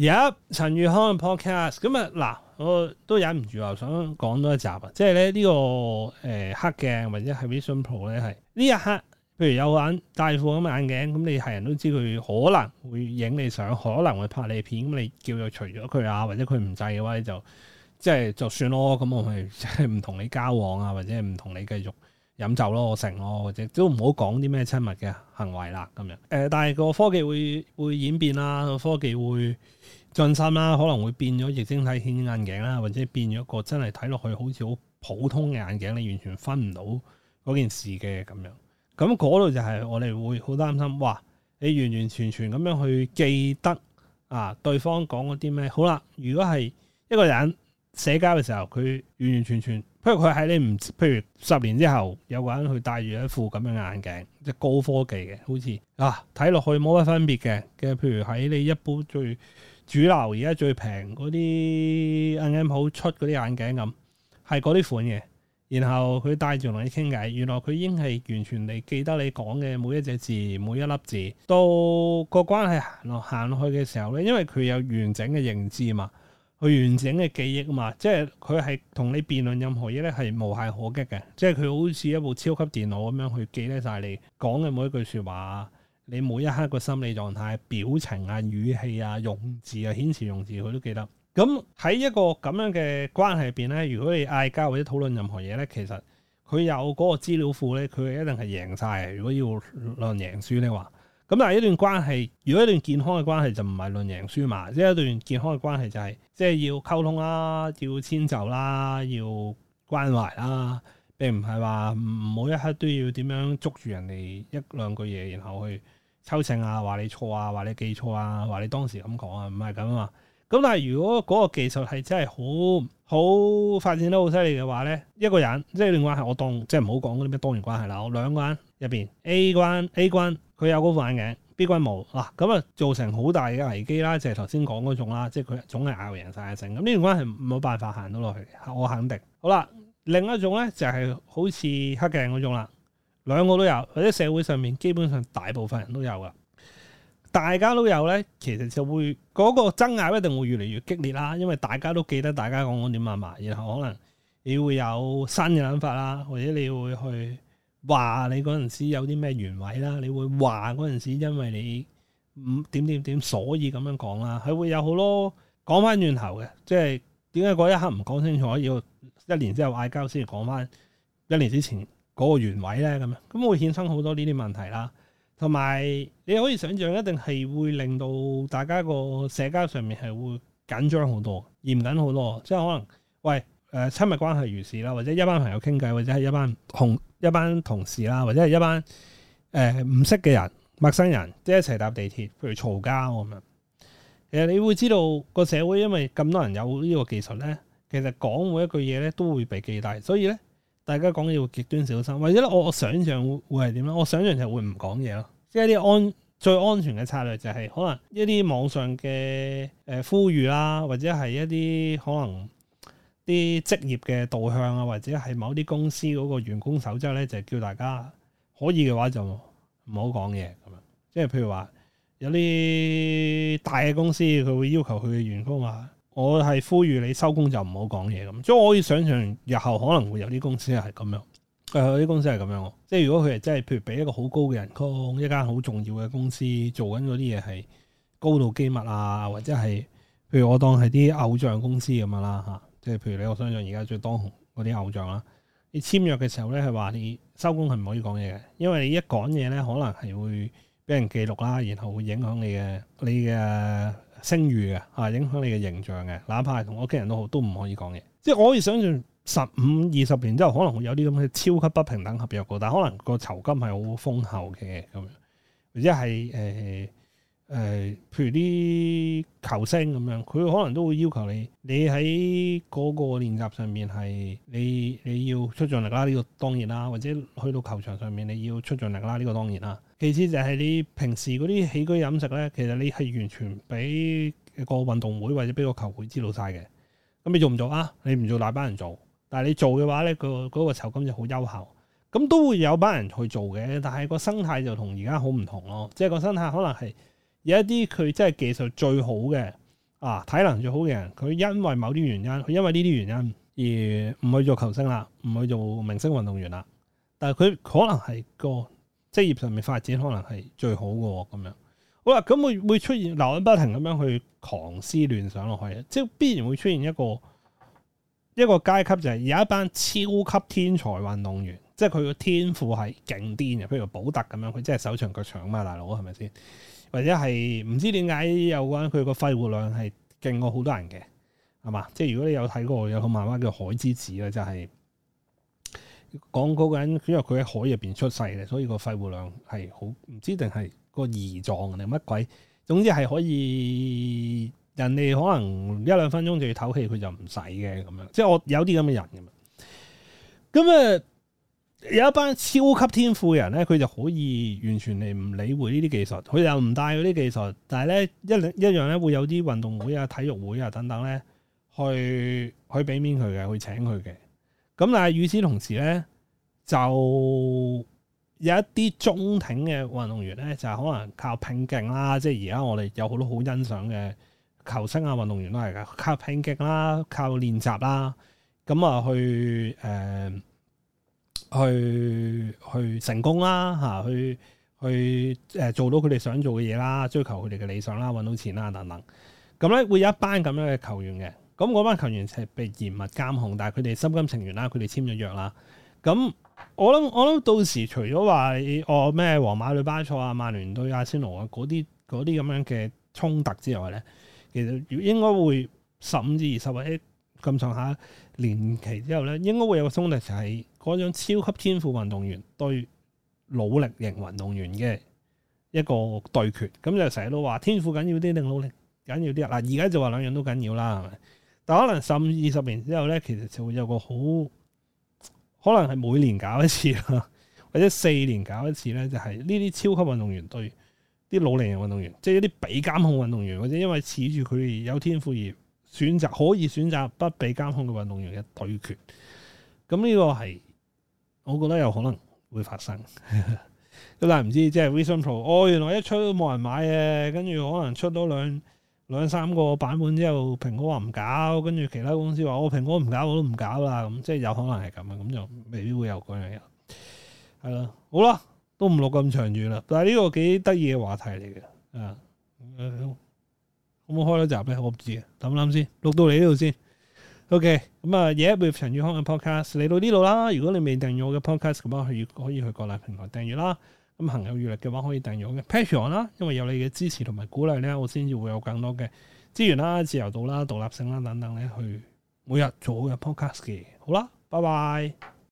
而家、yep, 陳宇康嘅 podcast，咁啊嗱，我都忍唔住話想講多一集啊！即係咧呢個誒、呃、黑鏡或者係 VisionPro 咧，係呢一刻，譬如有眼戴副咁嘅眼鏡，咁你係人都知佢可能會影你相，可能會拍你片，咁你叫佢除咗佢啊，或者佢唔制嘅話就，就即係就算咯。咁我咪即係唔同你交往啊，或者係唔同你繼續。飲酒咯，我成咯，或者都唔好講啲咩親密嘅行為啦，咁樣。誒、呃，但係個科技會會演變啦，個科技會進心啦，可能會變咗液晶體顯眼鏡啦，或者變咗一個真係睇落去好似好普通嘅眼鏡，你完全分唔到嗰件事嘅咁樣。咁嗰度就係我哋會好擔心，哇！你完完全全咁樣去記得啊對方講嗰啲咩？好啦，如果係一個人。社交嘅時候，佢完完全全，譬如佢喺你唔知，譬如十年之後有個人去戴住一副咁樣嘅眼鏡，即係高科技嘅，好似啊睇落去冇乜分別嘅嘅，譬如喺你一般最主流而家最平嗰啲啱啱好出嗰啲眼鏡咁，係嗰啲款嘅，然後佢戴住同你傾偈，原來佢已經係完全你記得你講嘅每一隻字、每一粒字，到個關係行落行落去嘅時候咧，因為佢有完整嘅認知嘛。佢完整嘅記憶啊嘛，即係佢係同你辯論任何嘢咧，係無懈可擊嘅。即係佢好似一部超級電腦咁樣去記咧晒你講嘅每一句説話，你每一刻個心理狀態、表情啊、語氣啊、用字啊、遣詞用字，佢都記得。咁喺一個咁樣嘅關係入邊咧，如果你嗌交或者討論任何嘢咧，其實佢有嗰個資料庫咧，佢一定係贏曬。如果要論贏輸咧話。咁但係一段關係，如果一段健康嘅關係就唔係論贏輸嘛，即係一段健康嘅關係就係、是、即係要溝通啦，要遷就啦，要關懷啦，並唔係話每一刻都要點樣捉住人哋一兩句嘢，然後去抽秤啊，話你錯啊，話你記錯啊，話你當時咁講啊，唔係咁啊。咁但係如果嗰個技術係真係好。好，發展得好犀利嘅話咧，一個人即係另外，係，我當即係唔好講嗰啲咩多元關係啦。我兩個人入邊 A 關 A 關佢有嗰副眼鏡，B 關冇嗱，咁啊就造成好大嘅危機啦，就係頭先講嗰種啦，即係佢總係拗贏曬勝，咁呢段關係冇辦法行到落去，我肯定。好啦，另一種咧就係、是、好似黑鏡嗰種啦，兩個都有，或者社會上面基本上大部分人都有噶。大家都有咧，其實就會嗰個爭拗一定會越嚟越激烈啦，因為大家都記得大家講講點啊嘛，然後可能你會有新嘅諗法啦，或者你會去話你嗰陣時有啲咩原委啦，你會話嗰陣時因為你唔點點點所以咁樣講啦，佢會有好多講翻轉頭嘅，即係點解嗰一刻唔講清楚，要一年之後嗌交先講翻一年之前嗰個原委咧咁樣，咁會衍生好多呢啲問題啦。同埋你可以想象，一定係會令到大家個社交上面係會緊張好多、嚴謹好多。即係可能，喂誒、呃、親密關係如是啦，或者一班朋友傾偈，或者係一班同一班同事啦，或者係一班誒唔識嘅人、陌生人，即係一齊搭地鐵，譬如嘈交咁樣。其實你會知道個社會，因為咁多人有呢個技術咧，其實講每一句嘢咧都會被記低，所以咧。大家講嘢要極端小心，或者咧我我想象會係點咧？我想象就係會唔講嘢咯，即係啲安最安全嘅策略就係、是、可能一啲網上嘅誒呼籲啦，或者係一啲可能啲職業嘅導向啊，或者係某啲公司嗰個員工守則咧，就叫大家可以嘅話就唔好講嘢咁樣，即係譬如話有啲大嘅公司佢會要求佢嘅員工啊。我係呼籲你收工就唔好講嘢咁，所以我可以想象日後可能會有啲公司係咁樣，誒、哎、有啲公司係咁樣。即係如果佢係真係，譬如俾一個好高嘅人工，一間好重要嘅公司做緊嗰啲嘢係高度機密啊，或者係譬如我當係啲偶像公司咁樣啦吓，即係譬如你我相信而家最當紅嗰啲偶像啦，你簽約嘅時候咧，係話你收工係唔可以講嘢嘅，因為你一講嘢咧，可能係會俾人記錄啦，然後會影響你嘅你嘅。聲譽嘅，嚇影響你嘅形象嘅，哪怕係同屋企人都好都唔可以講嘢。即係我可以想象十五二十年之後可能會有啲咁嘅超級不平等合約過，但可能個酬金係好豐厚嘅咁樣，或者係誒誒，譬如啲球星咁樣，佢可能都會要求你，你喺嗰個練習上面係你你要出盡力啦，呢個當然啦，或者去到球場上面你要出盡力啦，呢個當然啦。其次就係你平時嗰啲起居飲食咧，其實你係完全俾個運動會或者俾個球會知道晒嘅。咁你做唔做啊？你唔做大班人做，但係你做嘅話咧，個嗰個酬金就好優厚。咁都會有班人去做嘅，但係個生態就同而家好唔同咯。即係個生態可能係有一啲佢真係技術最好嘅啊，體能最好嘅人，佢因為某啲原因，佢因為呢啲原因而唔去做球星啦，唔去做明星運動員啦。但係佢可能係個。職業上面發展可能係最好嘅喎，咁樣好啦，咁會會出現流唔不停咁樣去狂思亂想落去，即係必然會出現一個一個階級，就係、是、有一班超級天才運動員，即係佢個天賦係勁癲嘅，譬如保達咁樣，佢即係手長腳長啊嘛，大佬係咪先？或者係唔知點解有個人佢個肺活量係勁過好多人嘅，係嘛？即係如果你有睇過有個漫畫叫《海之子》咧，就係、是。講嗰個人，因為佢喺海入邊出世嘅，所以個肺活量係好唔知定係個胰臟定乜鬼，總之係可以。人哋可能一兩分鐘就要唞氣，佢就唔使嘅咁樣。即係我有啲咁嘅人咁啊。咁啊，有一班超級天賦嘅人咧，佢就可以完全嚟唔理會呢啲技術，佢又唔帶嗰啲技術。但係咧一一樣咧會有啲運動會啊、體育會啊等等咧，去去俾面佢嘅，去請佢嘅。咁但係與此同時咧，就有一啲中挺嘅運動員咧，就可能靠拼勁啦。即係而家我哋有好多好欣賞嘅球星啊，運動員都係嘅，靠拼勁啦，靠練習啦，咁、嗯、啊去誒、呃、去去成功啦嚇、啊，去去誒做到佢哋想做嘅嘢啦，追求佢哋嘅理想啦，揾到錢啦等等。咁、嗯、咧會有一班咁樣嘅球員嘅。咁嗰、嗯、班球員係被嚴密監控，但係佢哋心甘情願啦，佢哋簽咗約啦。咁、嗯、我諗我諗，到時除咗話、哎、哦咩皇馬對巴塞啊、曼聯對阿仙奴啊嗰啲嗰啲咁樣嘅衝突之外咧，其實應該會十五至二十個欸咁上下年期之後咧，應該會有個衝突，就係嗰種超級天賦運動員對努力型運動員嘅一個對決。咁、嗯、就成日都話天賦緊要啲定努力緊要啲啊？嗱，而家就話兩樣都緊要啦，係咪？但可能十二十年之後咧，其實就會有個好，可能係每年搞一次啦，或者四年搞一次咧，就係呢啲超級運動員對啲老齡人運動員，即係一啲被監控運動員，或者因為恃住佢有天賦而選擇可以選擇不被監控嘅運動員嘅對決。咁、嗯、呢、呢個係我覺得有可能會發生。咁但係唔知即係，Vision Pro 哦，原來一出都冇人買嘅，跟住可能出多兩兩三個版本之後，蘋果話唔搞，跟住其他公司話我蘋果唔搞，我都唔搞啦，咁即係有可能係咁啊，咁就未必會有嗰樣嘢。係咯，好啦，都唔錄咁長遠啦，但係呢個幾得意嘅話題嚟嘅，啊、嗯嗯，我冇開咗集咩？我唔知，諗一諗先，錄到你呢度先。OK，咁啊，Yeah，with 陳宇康嘅 Podcast 嚟到呢度啦。如果你未訂閱我嘅 Podcast，咁啊，可以可以去各大平台訂閱啦。咁朋友預留嘅話，可以訂閱我嘅 Patreon 啦，因為有你嘅支持同埋鼓勵咧，我先至會有更多嘅資源啦、自由度啦、獨立性啦等等咧，去每日做好嘅 podcast 嘅。好啦，拜拜。